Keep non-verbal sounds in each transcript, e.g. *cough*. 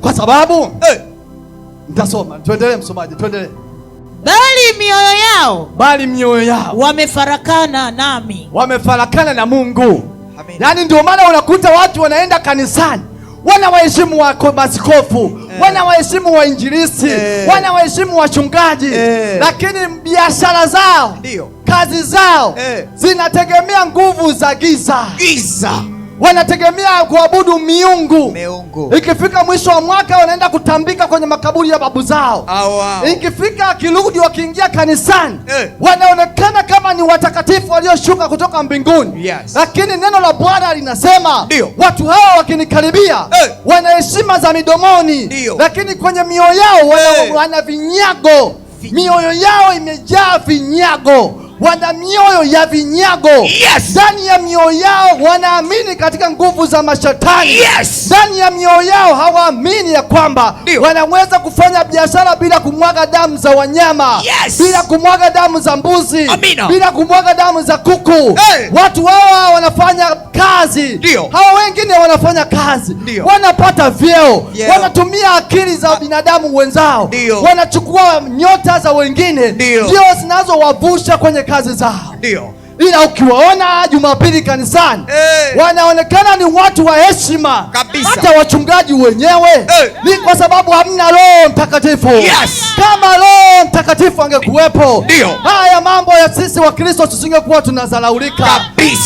kwa sababu eh, nitasoma. Tuendelee msomaji, tuendelee. Bali mioyo yao, bali mioyo yao wamefarakana nami, wamefarakana na Mungu. Yaani ndio maana unakuta watu wanaenda kanisani wana waheshimu wa maskofu eh, wana waheshimu wainjilisti eh, wana waheshimu wachungaji eh, lakini biashara zao ndio kazi zao eh, zinategemea nguvu za giza giza wanategemea kuabudu miungu. ikifika mwisho wa mwaka wanaenda kutambika kwenye makaburi ya babu zao. Oh, wow. Ikifika kirudi wakiingia kanisani eh, wanaonekana kama ni watakatifu walioshuka kutoka mbinguni. Yes. Lakini neno la Bwana linasema Dio, watu hawa wakinikaribia eh, wana heshima za midomoni Dio, lakini kwenye mioyo yao wana, eh, wana vinyago. Vinyago, mioyo yao imejaa vinyago wana mioyo ya vinyago ndani yes. ya mioyo yao wanaamini katika nguvu za mashetani ndani yes. ya mioyo yao hawaamini ya kwamba Dio. wanaweza kufanya biashara bila kumwaga damu za wanyama yes. bila kumwaga damu za mbuzi Amina. bila kumwaga damu za kuku hey. watu hawa wanafanya kazi Dio. hawa wengine wanafanya kazi Dio. wanapata vyeo yeah. wanatumia akili za ah. binadamu wenzao Dio. wanachukua nyota za wengine ndio zinazowavusha kwenye kazi zao. Ndio. Ila ukiwaona Jumapili kanisani hey, eh. wanaonekana ni watu wa heshima hata wachungaji wenyewe eh. ni kwa sababu hamna Roho Mtakatifu yes. Kama Roho Mtakatifu angekuwepo, haya mambo ya sisi wa Kristo tusingekuwa tunazalaulika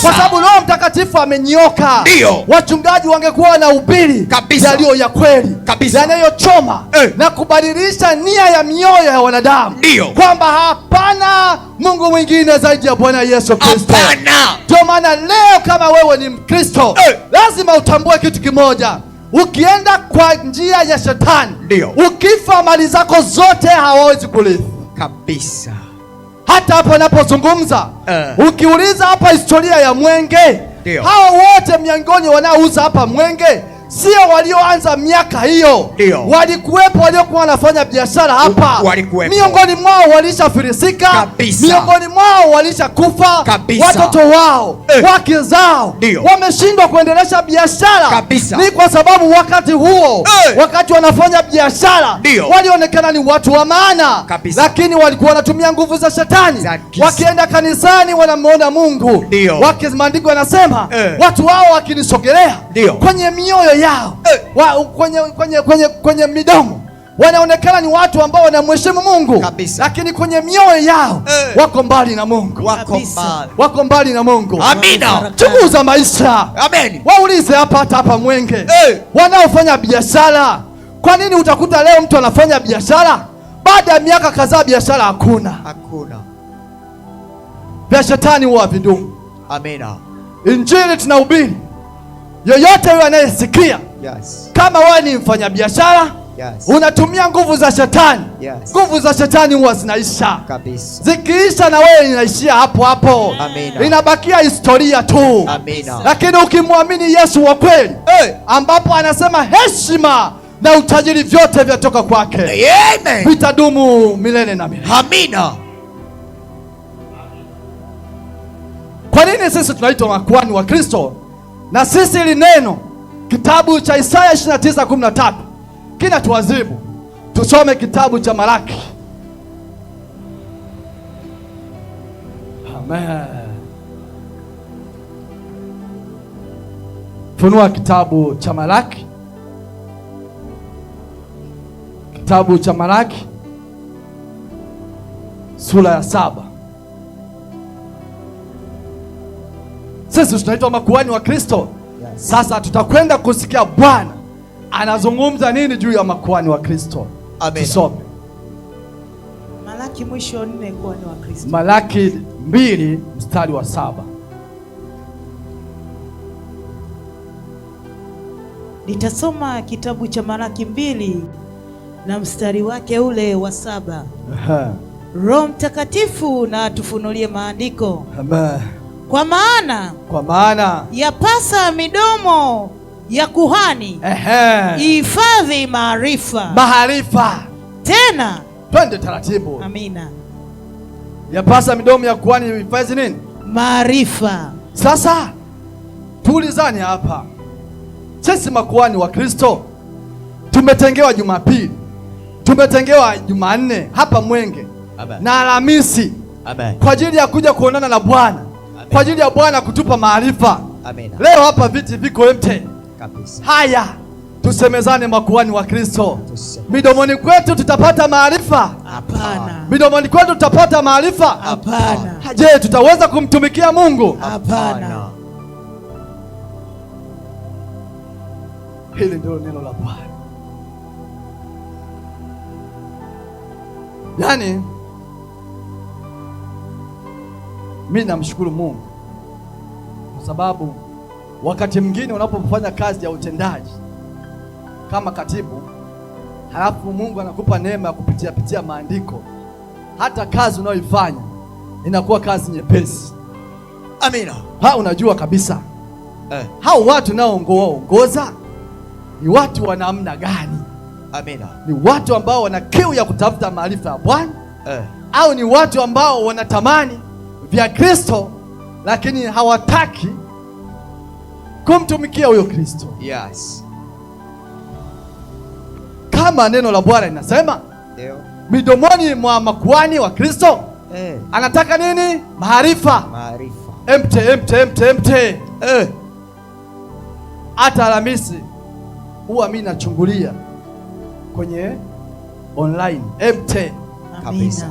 kwa sababu Roho Mtakatifu amenyoka. Wachungaji wangekuwa na ubiri yaliyo ya kweli yanayochoma hey, eh. na kubadilisha nia ya mioyo ya wanadamu kwamba hapana Mungu mwingine zaidi ya Bwana Yesu Kristo. Ndio maana leo kama wewe ni Mkristo eh, lazima utambue kitu kimoja, ukienda kwa njia ya shetani ndio ukifa, mali zako zote hawawezi kulipa kabisa. Hata hapo anapozungumza eh, ukiuliza hapa historia ya mwenge, hao wote miongoni wanaouza hapa mwenge sio walioanza miaka hiyo, walikuwepo waliokuwa wanafanya biashara hapa, miongoni mwao walishafirisika, miongoni mwao walishakufa, watoto wao eh, wake zao wameshindwa kuendelesha biashara. Ni kwa sababu wakati huo eh, wakati wanafanya biashara walionekana ni watu wa maana, lakini walikuwa wanatumia nguvu za shetani. Wakienda kanisani wanamwona Mungu, wake maandiko yanasema eh, watu wao wakinisogelea ndio kwenye mioyo yao eh, wa, kwenye, kwenye, kwenye, kwenye midomo wanaonekana ni watu ambao wanamheshimu Mungu kabisa, lakini kwenye mioyo yao eh, wako mbali na Mungu, wako mbali, wako mbali na Mungu. Amina, chunguza maisha. Amen, waulize hapa, hata hapa Mwenge eh, wanaofanya biashara. Kwa nini utakuta leo mtu anafanya biashara, baada ya miaka kadhaa biashara hakuna? Hakuna. Vya shetani huwa vidumu. Amina, injili tunahubiri Yoyote huyo anayesikia yes. Kama wewe ni mfanyabiashara yes. Unatumia nguvu za shetani yes. Nguvu za shetani huwa zinaisha kabisa. Zikiisha na wewe inaishia hapo hapo, Inabakia historia tu, amina. Lakini ukimwamini Yesu wa kweli hey, ambapo anasema heshima na utajiri vyote vyatoka kwake, vitadumu milele na milele, amina. Kwa nini sisi tunaitwa makuhani wa Kristo? Na sisi ili neno kitabu cha Isaya 29:13 kina tuwazibu. Tusome kitabu cha Malaki. Amen. Funua kitabu cha Malaki, kitabu cha Malaki sura ya saba Sisi tunaitwa makuhani wa Kristo. Sasa tutakwenda kusikia Bwana anazungumza nini juu ya makuhani wa Kristo. Amen. Tusome Malaki mwisho nne kuhani wa Kristo. Malaki mbili mstari wa saba. Nitasoma kitabu cha Malaki mbili na mstari wake ule wa saba. Roho Mtakatifu na atufunulie maandiko. Amen. Kwa maana kwa maana yapasa midomo ya kuhani ihifadhi maarifa maarifa. Tena twende taratibu, amina. Yapasa midomo ya kuhani ihifadhi nini? Maarifa. Sasa tuulizani hapa, sisi makuhani wa Kristo tumetengewa Jumapili, tumetengewa Jumanne hapa Mwenge na Alhamisi kwa ajili ya kuja kuonana na Bwana kwa ajili ya Bwana kutupa maarifa. Leo hapa viti viko empty kabisa. Haya, tusemezane makuhani wa Kristo. Midomoni kwetu tutapata maarifa? Hapana. Midomoni kwetu tutapata maarifa? Hapana. Je, tutaweza kumtumikia Mungu? Hapana. Hili ndilo neno la Bwana. Yaani mi namshukuru Mungu kwa sababu wakati mwingine unapofanya kazi ya utendaji kama katibu, halafu Mungu anakupa neema ya kupitia pitia maandiko, hata kazi unayoifanya inakuwa kazi nyepesi. Amina. Ha, unajua kabisa eh, hao watu naongoza ni watu wa namna gani? Amina. Ni watu ambao wana kiu ya kutafuta maarifa ya Bwana eh, au ni watu ambao wanatamani vya Kristo lakini hawataki kumtumikia huyo Kristo. Yes. Kama neno la Bwana linasema midomoni mwa makuani wa Kristo eh, anataka nini? Maarifa, maarifa. Mte mte mte mte hata eh, Alhamisi huwa mimi nachungulia kwenye online mte kabisa.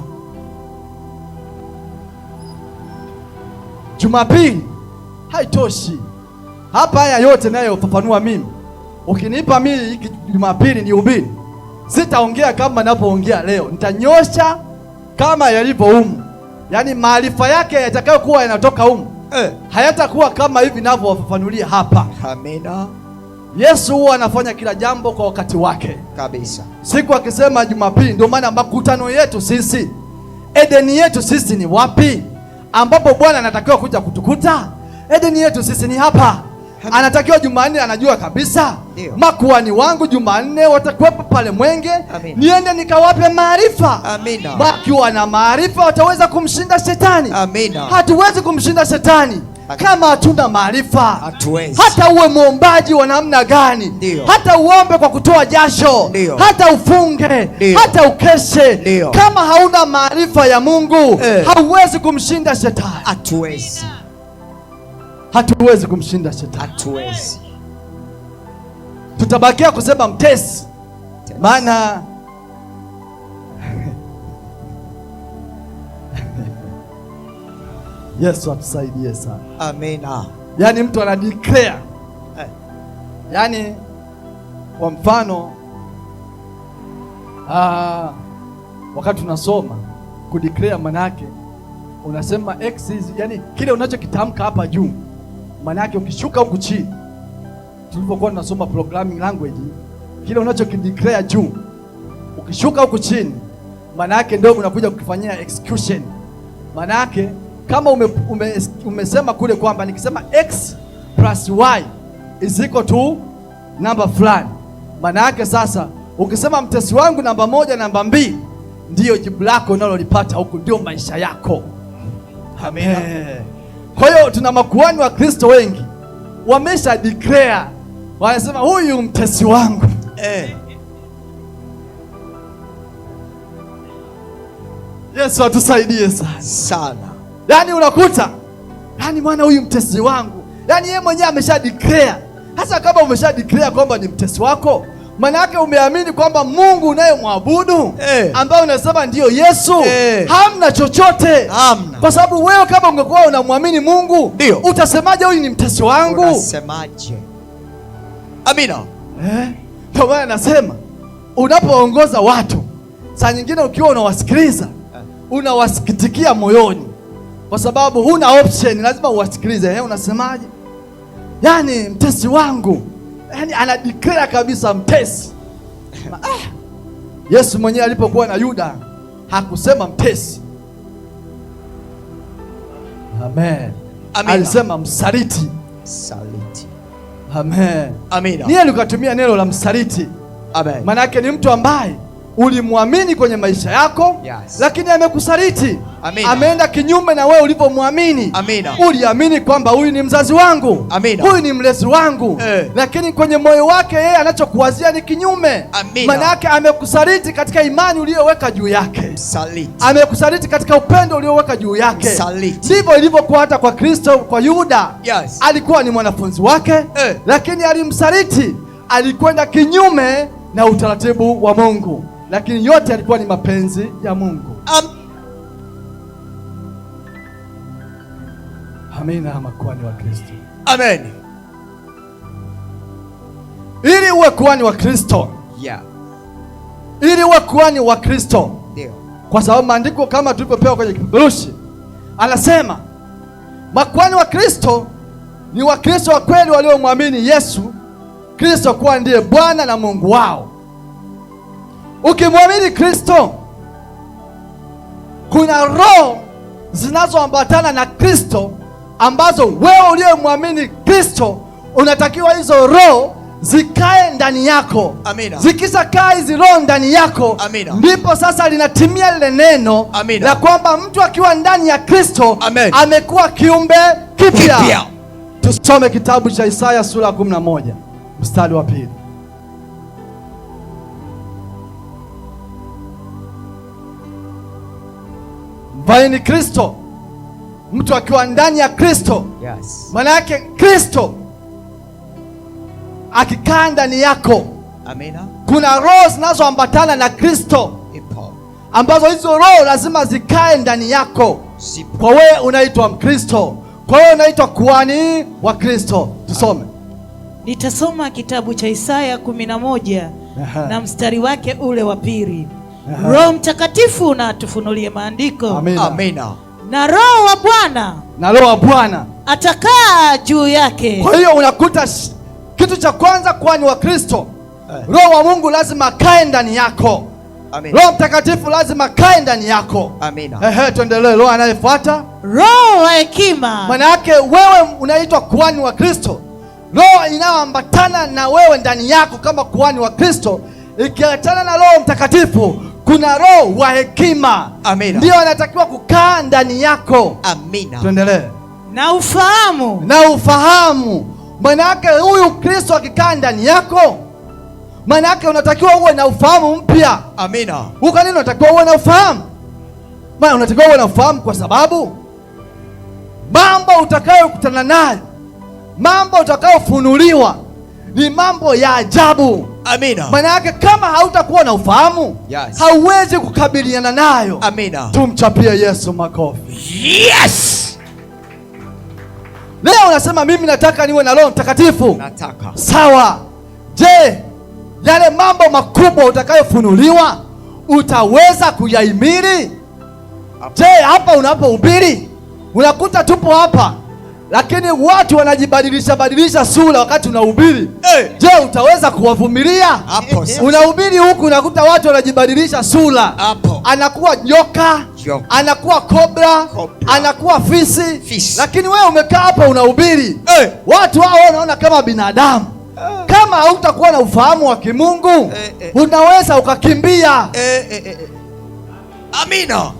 Jumapili haitoshi. Hapa haya yote nayofafanua mimi, ukinipa mimi hiki Jumapili ni ubini, sitaongea kama ninapoongea leo, nitanyosha kama yalivyo humu, yaani maarifa yake yatakayokuwa yanatoka humu eh, hayatakuwa kama hivi ninavyowafafanulia hapa. Amina. Yesu huwa anafanya kila jambo kwa wakati wake kabisa, siku akisema Jumapili. Ndio maana makutano yetu sisi, Edeni yetu sisi ni wapi? ambapo Bwana anatakiwa kuja kutukuta. Edeni yetu sisi ni hapa. Anatakiwa Jumanne, anajua kabisa makuani wangu Jumanne watakuwepo pale Mwenge. Niende nikawape maarifa. Amina. Wakiwa na maarifa wataweza kumshinda shetani. Amina. Hatuwezi kumshinda shetani kama hatuna maarifa, hata uwe mwombaji wa namna gani hata uombe kwa kutoa jasho hata ufunge Dio. hata ukeshe kama hauna maarifa ya Mungu eh. hauwezi kumshinda shetani, hatuwezi hatuwezi kumshinda shetani, hatuwezi tutabakia kusema mtesi, maana Yesu atusaidie sana. Amina. Yaani mtu ana declare eh. Yaani kwa mfano ah, wakati tunasoma declare manake unasema x is, yani kile unachokitamka hapa juu manake ukishuka huku chini, tulipokuwa tunasoma programming language, kile unachokideclare juu ukishuka huku chini manake ndio unakuja kukifanyia execution manake kama ume, ume, umesema kule kwamba nikisema x plus y is equal to namba fulani, maana yake sasa ukisema mtesi wangu namba moja, namba mbili, ndiyo jibu lako unalolipata huku, ndio maisha yako. Amen. Eh. Kwa hiyo tuna makuhani wa Kristo wengi wamesha declare, wanasema huyu mtesi wangu eh. Yesu atusaidie sana sana. Yaani unakuta yaani mwana huyu mtesi wangu, yaani yeye mwenyewe amesha declare. Hasa kama umesha declare kwamba ni mtesi wako, maana yake umeamini kwamba Mungu unayemwabudu hey, eh. ambaye unasema ndiyo Yesu hey, eh. hamna chochote hamna. Kwa sababu wewe kama ungekuwa unamwamini Mungu ndio utasemaje huyu ni mtesi wangu? Unasemaje? Amina. Eh? kwa maana nasema unapoongoza watu saa nyingine ukiwa unawasikiliza eh. unawasikitikia moyoni kwa sababu huna option, lazima uwasikilize. Eh, unasemaje? Yani mtesi wangu, yani declare kabisa mtesi. *laughs* Ah, Yesu mwenyewe alipokuwa na Yuda hakusema mtesi. Amen. Amina. Alisema msaliti. Saliti. Amen. Amina. Niye likatumia neno la msaliti. Amen. Maana yake ni mtu ambaye ulimwamini kwenye maisha yako yes. Lakini amekusaliti ameenda kinyume na wewe ulivyomwamini. Uliamini kwamba huyu ni mzazi wangu, huyu ni mlezi wangu eh. Lakini kwenye moyo wake yeye anachokuwazia ni kinyume. Maana yake amekusaliti katika imani uliyoweka juu yake, amekusaliti katika upendo ulioweka juu yake. Ndivyo ilivyokuwa hata kwa Kristo, kwa Yuda yes. Alikuwa ni mwanafunzi wake eh. Lakini alimsaliti, alikwenda kinyume na utaratibu wa Mungu lakini yote yalikuwa ni mapenzi ya Mungu. Amina, makuhani wa Kristo. Amen. Ili uwe kuhani wa Kristo, yeah. Ili uwe kuhani wa Kristo, ndio, kwa sababu maandiko kama tulivyopewa kwenye kipeperushi anasema makuhani wa Kristo ni Wakristo wa kweli waliomwamini Yesu Kristo kuwa ndiye Bwana na Mungu wao. Ukimwamini Kristo, kuna roho zinazoambatana na Kristo ambazo wewe uliyemwamini Kristo unatakiwa hizo roho zikae ndani yako. Amina. Zikishakaa hizi roho ndani yako, ndipo sasa linatimia lile neno la kwamba mtu akiwa ndani ya Kristo amekuwa kiumbe kipya. Tusome kitabu cha Isaya sura ya 11 mstari wa pili. bali ni Kristo. Mtu akiwa ndani ya Kristo, yes. Maana yake Kristo akikaa ndani yako. Amina. Kuna roho zinazoambatana na Kristo ambazo hizo roho lazima zikae ndani yako. Kwa wewe unaitwa Mkristo, kwa wewe unaitwa kuhani wa Kristo. Tusome. Nitasoma kitabu cha Isaya 11 na mstari wake ule wa pili. Uh-huh. Roho Mtakatifu na atufunulie maandiko. Amina. Na Roho wa Bwana na Roho wa Bwana atakaa juu yake. Kwa hiyo unakuta kitu cha kwanza kuwa ni Wakristo eh. Roho wa Mungu lazima kae ndani yako. Amina. Roho Mtakatifu lazima kae ndani yako. Amina. Ehe, tuendelee. Roho anayefuata roho wa hekima. Maana yake wewe unaitwa kuhani wa Kristo, roho inayoambatana na wewe ndani yako kama kuhani wa Kristo ikiachana na Roho Mtakatifu kuna roho wa hekima amina, ndio anatakiwa kukaa ndani yako amina. Tuendelee na ufahamu, na ufahamu. Manake huyu Kristo akikaa ndani yako, manake unatakiwa uwe na ufahamu mpya amina. nini unatakiwa uwe na ufahamu, maana unatakiwa uwe na ufahamu kwa sababu mambo utakayokutana nayo, mambo utakayofunuliwa ni mambo ya ajabu. Amina. yake kama hautakuwa na ufahamu yes, hauwezi kukabiliana nayo. Amina. Tumchapie Yesu makofi. Yes. Leo unasema mimi nataka niwe na Roho Mtakatifu. Nataka. Sawa. Je, yale mambo makubwa utakayofunuliwa utaweza kuyahimili? Je, hapa unapohubiri unakuta tupo hapa lakini watu wanajibadilisha badilisha sura wakati unahubiri hey. Eh. Je, utaweza kuwavumilia hapo? Unahubiri huku unakuta watu wanajibadilisha sura hapo, anakuwa nyoka, nyoka, anakuwa kobra, kobra, anakuwa fisi, Fish. Lakini wewe umekaa hapa unahubiri hey. Eh. Watu hao wanaona kama binadamu hey. Eh. Kama hautakuwa na ufahamu wa kimungu hey, hey. Unaweza ukakimbia hey, hey, hey. Amina.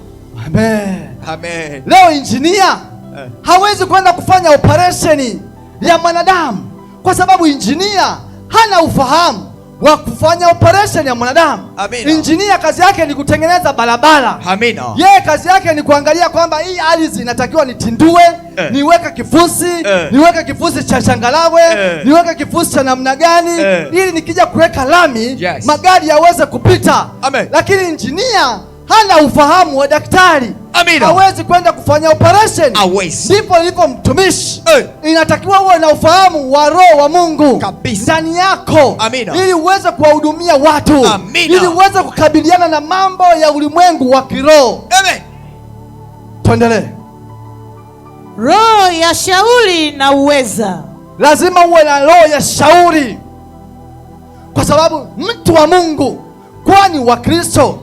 Amen. Amen. Leo injinia eh. Hawezi kwenda kufanya operesheni ya mwanadamu kwa sababu injinia hana ufahamu wa kufanya operation ya mwanadamu. Injinia kazi yake ni kutengeneza barabara. Amina. Yeye kazi yake ni kuangalia kwamba hii ardhi inatakiwa nitindue, eh, niweke kifusi, eh, niweke kifusi cha changalawe, eh, niweke kifusi cha namna gani, eh, ili nikija kuweka lami, yes, magari yaweze kupita. Amen. Lakini injinia hana ufahamu wa daktari. Amina. Hawezi kwenda kufanya operation. Hawezi. Ndipo ilipo mtumishi. Eh. Inatakiwa uwe na ufahamu wa roho wa Mungu ndani yako. Amina. Ili uweze kuwahudumia watu. Amina. Ili uweze kukabiliana na mambo ya ulimwengu wa kiroho. Amen. Tuendelee. Roho ya shauri na uweza. Lazima uwe na roho ya shauri, kwa sababu mtu wa Mungu kwani wa kristo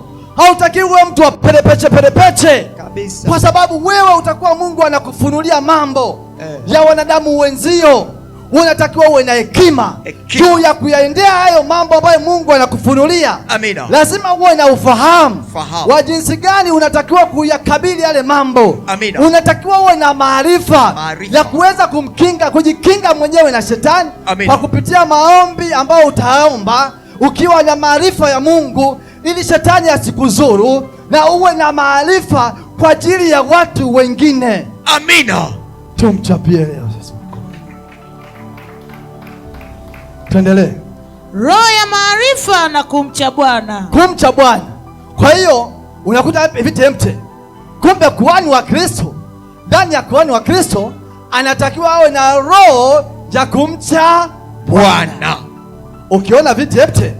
hautaki uwe mtu wa perepeche perepeche kabisa, kwa sababu wewe utakuwa Mungu anakufunulia mambo eh, ya wanadamu wenzio. Unatakiwa uwe na hekima juu ya kuyaendea hayo mambo ambayo Mungu anakufunulia. Amina. Lazima uwe na ufahamu wa jinsi gani unatakiwa kuyakabili yale mambo. Amina. Unatakiwa uwe na maarifa ya kuweza kumkinga, kujikinga mwenyewe na shetani kwa kupitia maombi ambayo utaomba ukiwa na maarifa ya Mungu ili shetani asikuzuru na uwe na maarifa kwa ajili ya watu wengine. Amina, tumchapie leo sasa, tuendelee. Roho ya maarifa na kumcha Bwana, kumcha Bwana. Kwa hiyo unakuta hivi tempte, kumbe kuhani wa Kristo, ndani ya kuhani wa Kristo anatakiwa awe na roho ya kumcha Bwana. Ukiona vitepte,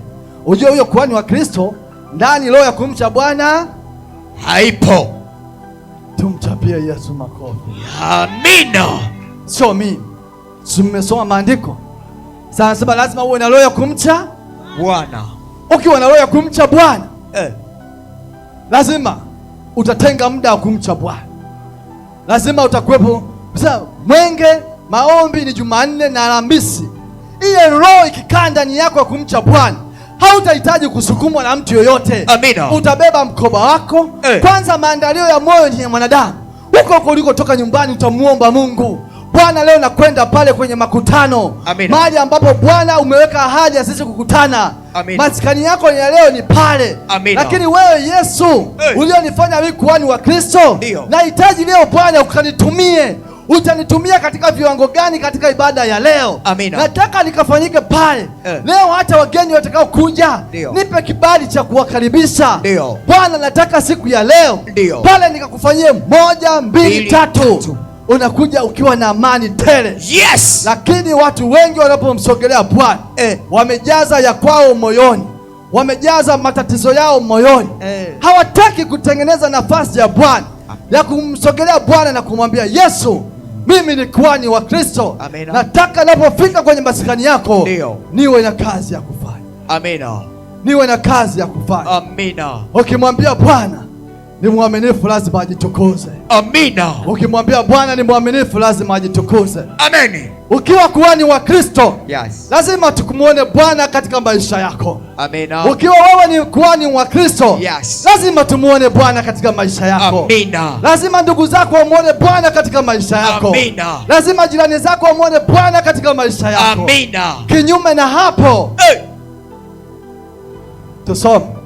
ujue huyo kuhani wa Kristo ndani roho ya kumcha Bwana haipo. Tumchapie Yesu makofi. Amina. Sio mimi, mmesoma maandiko. Sasa lazima uwe na roho ya kumcha Bwana. Ukiwa na roho ya kumcha Bwana eh, lazima utatenga muda wa kumcha Bwana, lazima utakuwepo mwenge. Maombi ni Jumanne na Alhamisi. Ile roho ikikaa ndani yako ya kumcha Bwana hautahitaji kusukumwa na mtu yoyote. Amina. Utabeba mkoba wako eh. Kwanza maandalio ya moyo ni ya mwanadamu. Huko ulikotoka nyumbani utamwomba Mungu, Bwana, leo nakwenda pale kwenye makutano, mahali ambapo Bwana umeweka ahadi ya sisi kukutana. Amina. Maskani yako ya leo ni pale. Amina. Lakini wewe Yesu hey, eh. ulionifanya mimi kuhani wa Kristo, nahitaji leo Bwana ukanitumie utanitumia katika viwango gani katika ibada ya leo? Amina. Nataka nikafanyike pale eh. Leo hata wageni watakao kuja nipe kibali cha kuwakaribisha Bwana, nataka siku ya leo Dio. pale nikakufanyie moja mbili, Dili, tatu, tatu. Unakuja ukiwa na amani tele. Yes. Lakini watu wengi wanapomsogelea Bwana eh, wamejaza ya kwao moyoni, wamejaza matatizo yao moyoni eh. Hawataki kutengeneza nafasi ya Bwana ya kumsogelea Bwana na kumwambia Yesu mimi ni kwani wa Kristo. Amina. Nataka napofika kwenye masikani yako Ndiyo. niwe na kazi ya kufanya. Amina. niwe na kazi ya kufanya. Amina. Ukimwambia Bwana ni mwaminifu lazima ajitukuze. Amina. Ukimwambia Bwana ni mwaminifu lazima ajitukuze. Amen. Ukiwa kuhani wa Kristo, yes. lazima tukumwone Bwana katika maisha yako. Amina. Ukiwa wewe ni kuhani wa Kristo, yes. Lazima tumuone Bwana katika maisha yako. Amina. Lazima ndugu zako wamuone Bwana katika maisha yako. Amina. Lazima jirani zako wamuone Bwana katika maisha yako. Amina. Kinyume na hapo, hey. Tusome